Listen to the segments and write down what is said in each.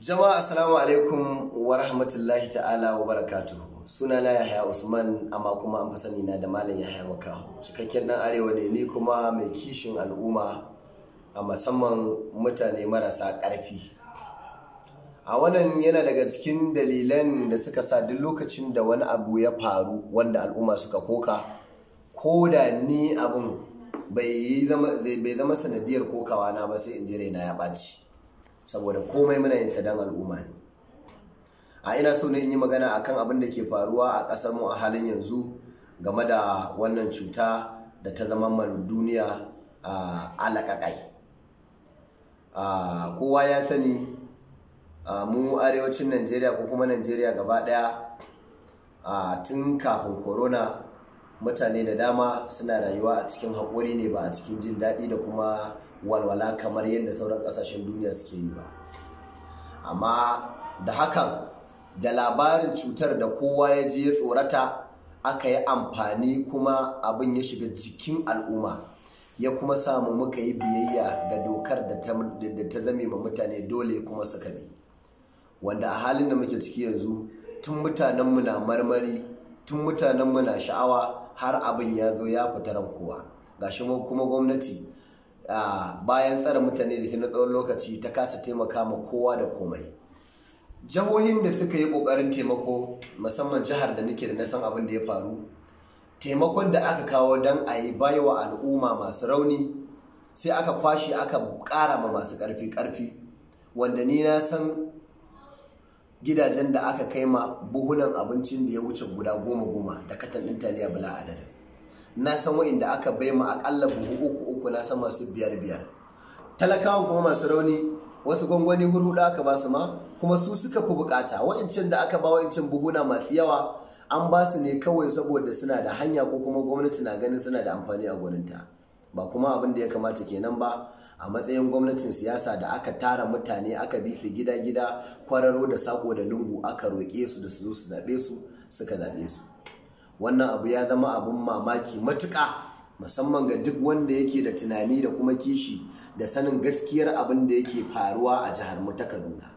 Jama'a assalamu alaikum wa rahmatullahi ta'ala wa barakatuhu. Suna na Yahya Usman amma kuma an fasani na da Malam Yahya Makaho. Cikakken dan arewa ne ni kuma mai kishin al'umma a musamman mutane marasa ƙarfi. A wannan yana daga cikin dalilan da suka sa duk lokacin da wani abu ya faru wanda al'umma suka koka, ko da ni abun bai zama sanadiyar kokawa na ba sai in ji na ya ɓaci. saboda komai muna yin sa al'umma ne a ina so ne in yi magana akan abin da ke faruwa a ƙasar mu a halin yanzu game da wannan cuta da ta zama man duniya a alaƙaƙai kowa ya sani mu arewacin najeriya ko kuma najeriya gaba ɗaya tun kafin corona mutane da dama suna rayuwa a cikin haƙuri ne ba a cikin jin daɗi da kuma walwala kamar yadda sauran kasashen duniya suke yi ba amma da hakan da labarin cutar da kowa ya je ya tsorata aka yi amfani kuma abin ya shiga jikin al'umma ya kuma samu muka yi biyayya ga dokar da ta zame ma mutane dole kuma suka bi wanda a halin da muke ciki yanzu tun mutanenmu na marmari tun mutanenmu na sha'awa har abin ya zo ya fita kowa gashi kuma gwamnati bayan tsara mutane da ta na tsawon lokaci ta kasa taimaka ma kowa da komai jihohin da suka yi kokarin taimako musamman jihar da nake da na san abin da ya faru taimakon da aka kawo don a yi baiwa al'umma masu rauni sai aka kwashe aka ƙara ma masu karfi karfi wanda ni na san gidajen da aka kai ma buhunan abincin da ya wuce guda goma goma da katan ɗin taliya bala adadin na san wa'inda aka bai mu akalla buhu uku uku na san masu biyar biyar talakawan kuma masu rauni wasu gwangwani hurhuda aka ba su ma kuma su suka fi bukata wa'incin da aka ba wa'incin buhuna masu yawa an ba su ne kawai saboda suna da hanya ko kuma gwamnati na ganin suna da amfani a gwaninta ba kuma abin da ya kamata kenan ba a matsayin gwamnatin siyasa da aka tara mutane aka bi su gida-gida kwararo da sako da lungu aka roƙe su da su zo su zaɓe su suka zaɓe su wannan abu ya zama abun mamaki matuƙa musamman ga duk wanda yake da tunani da kuma kishi da sanin gaskiyar abin da yake faruwa a jihar mu kaduna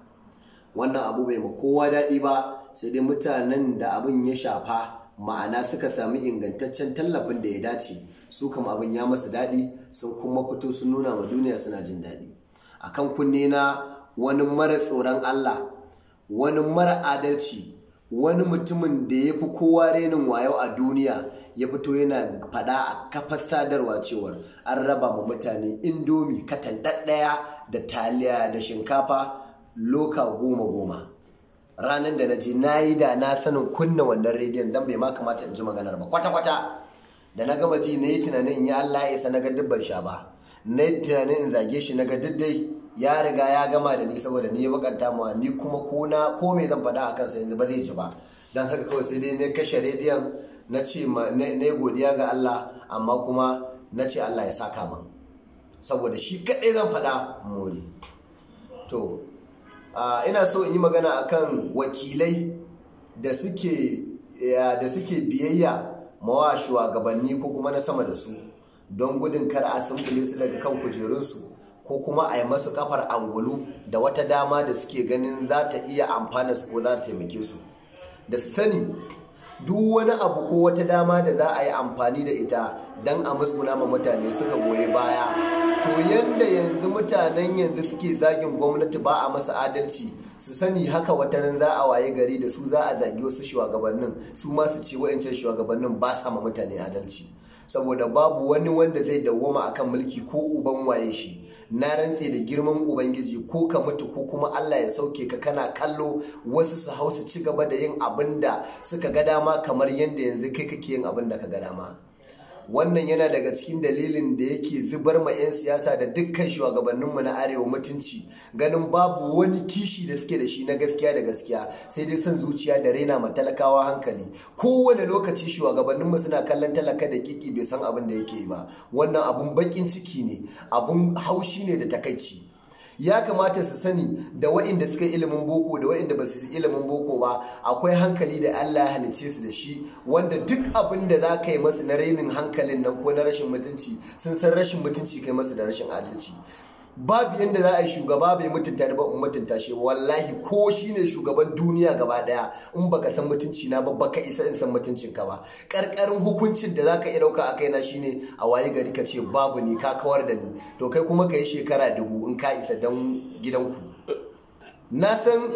wannan abu bai ma kowa daɗi ba sai dai mutanen da abin ya shafa ma'ana suka sami ingantaccen tallafin da ya dace su kam abin ya masu daɗi sun kuma fito sun nuna ma duniya suna jin daɗi A kan kunne na wani mara tsoron Allah wani mara adalci wani mutumin da ya fi kowa renin wayo a duniya ya fito yana faɗa a kafar sadarwa cewar an raba ma mutane indomi katan ɗaya da taliya da shinkafa loka goma goma ranar da na ji na yi da na sanin kunna wannan rediyon don bai ma kamata in ji maganar ba kwata-kwata da na gama ji na yi tunanin ya Allah ya isa na ga dubban sha ba na yi tunanin in zage shi na ga diddai ya riga ya gama da ni saboda ni ya mu ma ni kuma ko na ko me zan faɗa akan sa yanzu ba zai ji ba dan haka kawai sai dai na kashe rediyon na ce na godiya ga Allah amma kuma na ce Allah ya saka min saboda shi kaɗai zan faɗa mori to ina so in yi magana akan wakilai da suke da suke biyayya mawa shugabanni ko kuma na sama da su don gudun kar a sumbule su daga kan kujerunsu ko kuma a yi masu kafar angulu da wata dama da suke ganin za ta iya amfana su ko za ta taimake su da sani duk wani abu ko wata dama da za a yi amfani da ita don a musguna ma mutane suka goyi baya to yadda yanzu mutanen yanzu suke zagin gwamnati ba a masa adalci su sani haka wata ran za a waye gari da su za a zagi wasu shugabannin su ma su ce wa'ancan shugabannin ba sa ma mutane adalci saboda babu wani wanda zai dawwama akan mulki ko uban waye shi na rantse da girman ubangiji ko ka mutu ko kuma Allah ya sauke ka kana kallo wasu su hau su ci gaba da yin abin da suka ga dama kamar yadda yanzu kai kake yin abin da ka ga dama wannan yana daga cikin dalilin da yake zubar ma 'yan siyasa da dukkan shugabanninmu na arewa mutunci ganin babu wani kishi da suke da shi na gaskiya da gaskiya sai dai son zuciya da raina ma talakawa hankali kowane lokaci shugabanninmu suna kallon talaka da kiki bai san abin da yake ba wannan abun bakin ciki ne abun haushi ne da takaici ya kamata su sani da wa'inda suka ilimin boko da wa'inda ba su ilimin boko ba akwai hankali da Allah ya halice su da shi wanda duk abin da za ka yi masu na rainin hankalin nan ko na rashin mutunci sun san rashin mutunci kai masu da rashin adalci babu yadda za a yi shugaba bai mutunta ni ba in mutunta shi wallahi ko shi ne shugaban duniya gaba daya in baka san mutunci na ba baka isa in san mutuncin ka ba karkarin hukuncin da zaka iya dauka akai na shine a waye gari ka ce babu ni ka kawar da ni to kai kuma ka yi shekara dubu in ka isa dan gidanku na san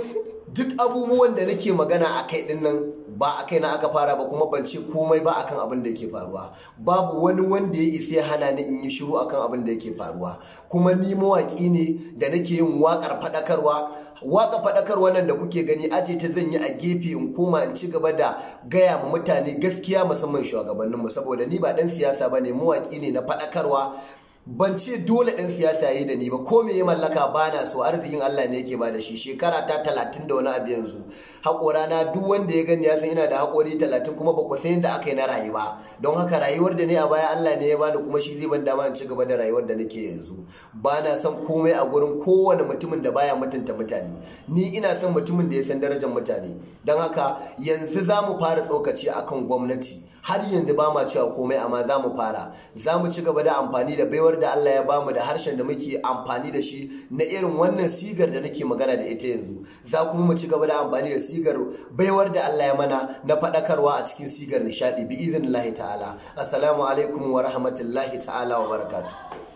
duk abubuwan da nake magana akai din nan ba a kai na aka fara ba kuma ban ce komai ba akan abin da yake faruwa babu wani wanda ya isa ya hana ni in yi shiru akan abin da yake faruwa kuma ni mawaki ne da nake yin wakar fadakarwa. waka faɗakar wannan da kuke gani aje ta zan yi a gefe in koma in ci gaba da gaya ma mutane gaskiya musamman shugabanninmu saboda ni ba dan siyasa bane mawaki ne na fadakarwa. ban ce dole ɗan siyasa yi da ni ba ko me ya mallaka ba na so arzikin Allah ne yake ba da shi shekara ta talatin da wani abu yanzu haƙora na duk wanda ya gani ya san ina da haƙori talatin kuma ba ku san yadda aka yi na rayuwa don haka rayuwar da ni a baya Allah ne ya bani kuma shi zai ban dama in ci gaba da rayuwar da nake yanzu ba na son komai a gurin kowane mutumin da baya mutunta mutane ni ina son mutumin da ya san darajar mutane don haka yanzu za mu fara tsokaci akan gwamnati har yanzu ba ma cewa komai amma za mu fara za mu ci gaba da amfani da baiwar da Allah ya bamu da harshen da muke amfani da shi na irin wannan sigar da nake magana da ita yanzu za kuma mu ci gaba da amfani da sigar baiwar da Allah ya mana na faɗakarwa a cikin sigar nishaɗi bi iznillahi ta'ala assalamu alaikum wa rahmatullahi ta'ala wa barakatuh